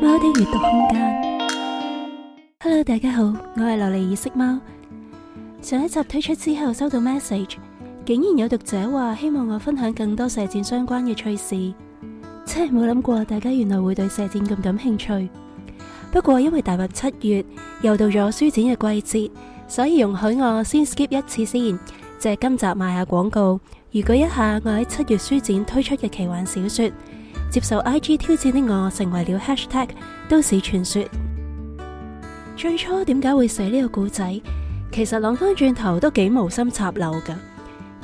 貓的閱讀空間，Hello，大家好，我係琉璃意色貓。上一集推出之後，收到 message，竟然有讀者話希望我分享更多射箭相關嘅趣事，真係冇諗過大家原來會對射箭咁感興趣。不過因為大約七月又到咗書展嘅季節，所以容許我先 skip 一次先，借今集賣下廣告，預告一下我喺七月書展推出嘅奇幻小說。接受 IG 挑戰的我成為了#都市傳說。最初點解會寫呢個故仔？其實諗翻轉頭都幾無心插柳噶，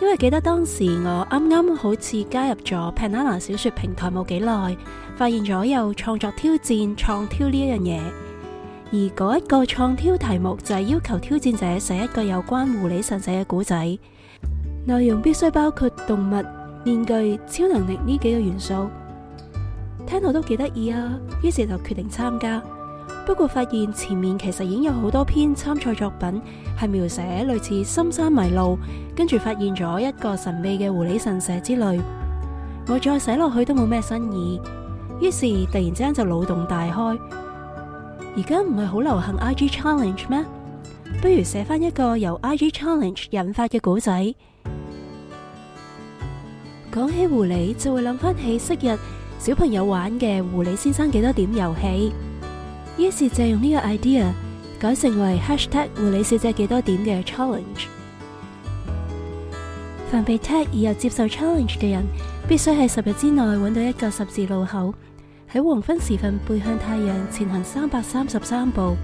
因為記得當時我啱啱好似加入咗 Penana 小說平台冇幾耐，發現咗有創作挑戰，創挑呢一樣嘢，而嗰一個創挑題目就係要求挑戰者寫一個有關狐狸神社嘅故仔，內容必須包括動物、面具、超能力呢幾個元素。聽到都幾得意啊！於是就決定參加，不過發現前面其實已經有好多篇參賽作品係描寫類似深山迷路，跟住發現咗一個神秘嘅狐狸神社之類。我再寫落去都冇咩新意，於是突然之間就腦洞大開。而家唔係好流行 IG Challenge 咩？不如寫翻一個由 IG Challenge 引發嘅故仔。講起狐狸就會諗翻起昔日。小朋友玩嘅狐狸先生幾多點遊戲，於是就用呢個 idea 改成為#狐狸小姐幾多點嘅 challenge。凡被 tag 而又接受 challenge 嘅人，必須喺十日之內搵到一個十字路口，喺黃昏時分背向太陽前行三百三十三步，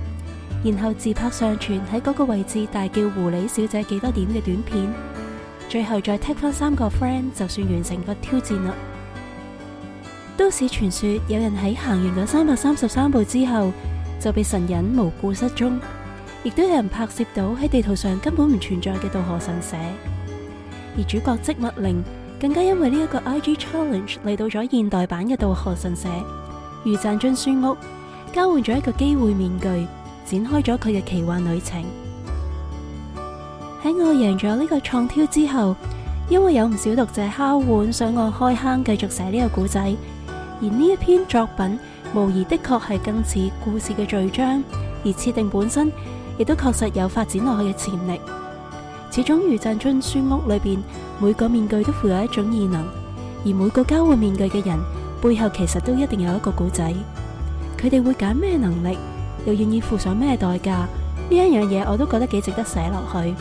然後自拍上傳喺嗰個位置大叫狐狸小姐幾多點嘅短片，最後再 tag 翻三個 friend，就算完成個挑戰啦。都市傳說，有人喺行完咗三百三十三步之後，就被神隱無故失蹤；亦都有人拍攝到喺地圖上根本唔存在嘅稻荷神社。而主角即墨澪更加因為呢一個 IG Challenge 嚟到咗現代版嘅稻荷神社，御饌津書屋，交換咗一個機會面具，展開咗佢嘅奇幻旅程。喺我贏咗呢個創挑之後，因為有唔少讀者敲碗想我開坑繼續寫呢個故仔。而呢一篇作品無疑的確係更似故事嘅序章，而設定本身亦都確實有發展落去嘅潛力。始終御饌津書屋裏邊，每個面具都附有一種異能，而每個交換面具嘅人背後其實都一定有一個故仔。佢哋會揀咩能力，又願意付上咩代價？呢一樣嘢，我都覺得幾值得寫落去。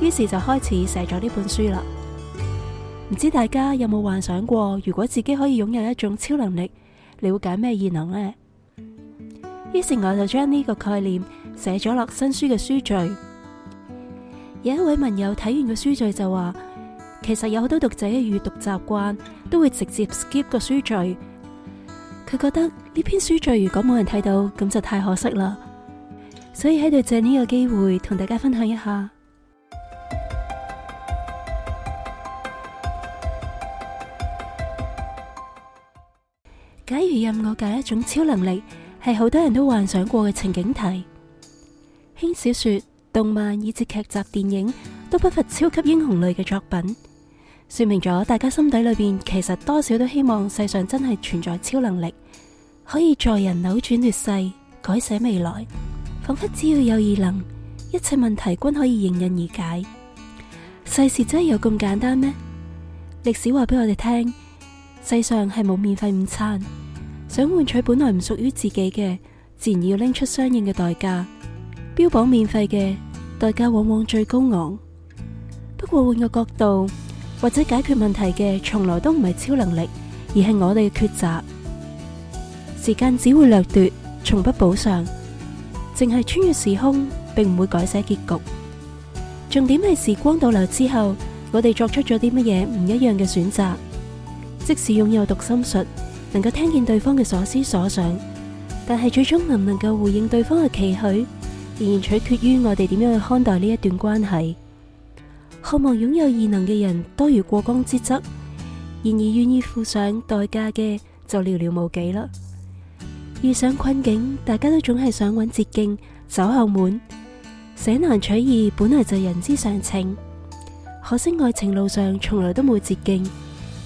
於是就開始寫咗呢本書啦。唔知大家有冇幻想過，如果自己可以擁有一種超能力，你會揀咩異能呢？於是我就將呢個概念寫咗落新書嘅書序。有一位文友睇完個書序就話，其實有好多讀者嘅閱讀習慣都會直接 skip 個書序，佢覺得呢篇書序如果冇人睇到，咁就太可惜啦。所以喺度借呢個機會同大家分享一下。假如任我揀一種超能力，係好多人都幻想過嘅情景題。輕小說、動漫以至劇集、電影都不乏超級英雄類嘅作品，說明咗大家心底裏邊其實多少都希望世上真係存在超能力，可以助人扭轉劣勢、改寫未來。仿佛只要有異能，一切問題均可以迎刃而解。世事真係有咁簡單咩？歷史話俾我哋聽。世上係冇免費午餐，想換取本來唔屬於自己嘅，自然要拎出相應嘅代價。標榜免費嘅，代價往往最高昂。不過換個角度，或者解決問題嘅，從來都唔係超能力，而係我哋嘅抉擇。時間只會掠奪，從不補償。淨係穿越時空，並唔會改寫結局。重點係時光倒流之後，我哋作出咗啲乜嘢唔一樣嘅選擇。即使擁有讀心術，能夠聽見對方嘅所思所想，但係最終能唔能夠回應對方嘅期許，仍然取決於我哋點樣去看待呢一段關係。渴望擁有異能嘅人多如過江之鯽，然而願意付上代價嘅就寥寥無幾啦。遇上困境，大家都總係想揾捷徑、走後門、捨難取易，本來就人之常情。可惜愛情路上從來都冇捷徑。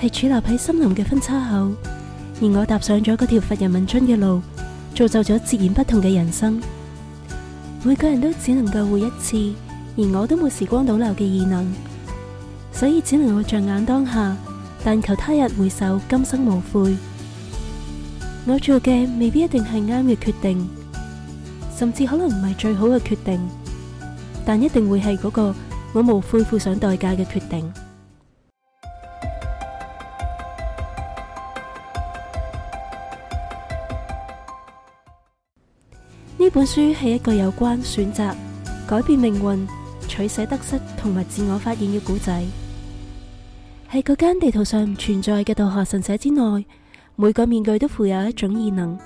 係佇立喺森林嘅分叉口，而我踏上咗嗰條乏人問津嘅路，造就咗截然不同嘅人生。每個人都只能夠活一次，而我都冇時光倒流嘅異能，所以只能夠着眼當下，但求他日回首，今生無悔。我做嘅未必一定係啱嘅決定，甚至可能唔係最好嘅決定，但一定會係嗰個我無悔付上代價嘅決定。呢本書係一個有關選擇、改變命運、取捨得失同埋自我發現嘅故仔。喺嗰間地圖上唔存在嘅稻荷神社之內，每個面具都附有一種異能。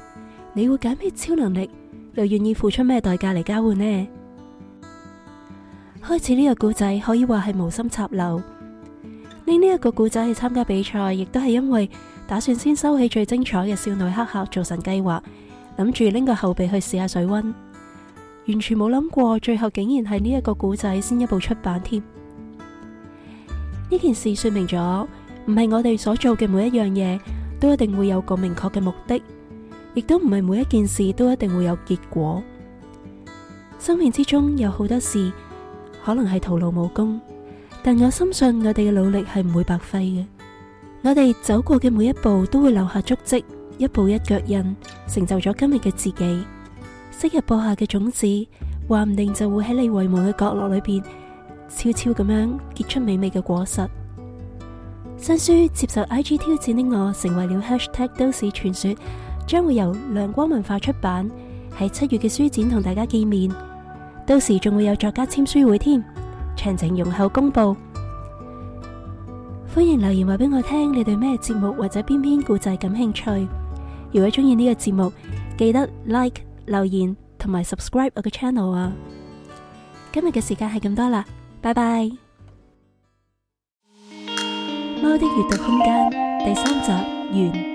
你會揀咩超能力？又願意付出咩代價嚟交換呢？開始呢個故仔可以話係無心插柳。拎呢一個故仔去參加比賽，亦都係因為打算先收起最精彩嘅少女黑客造神計劃。諗住拎個後備去試下水溫，完全冇諗過，最後竟然係呢一個古仔先一步出版添。呢件事說明咗，唔係我哋所做嘅每一樣嘢都一定會有個明確嘅目的，亦都唔係每一件事都一定會有結果。生命之中有好多事可能係徒勞無功，但我深信我哋嘅努力係唔會白費嘅，我哋走過嘅每一步都會留下足跡。一步一腳印，成就咗今日嘅自己。昔日播下嘅種子，話唔定就會喺你遺忘嘅角落裏邊，悄悄咁樣結出美味嘅果實。新書接受 IG 挑戰的我，成為了 hashtag 都市傳說，將會由亮光文化出版，喺七月嘅書展同大家見面。到時仲會有作家簽書會添，詳情容後公布。歡迎留言話俾我聽，你對咩節目或者邊篇故仔感興趣。如果鍾意呢個節目，記得 like 留言同埋 subscribe 我個 channel 啊！今日嘅時間係咁多啦，拜拜。貓的閱讀空間第三集完。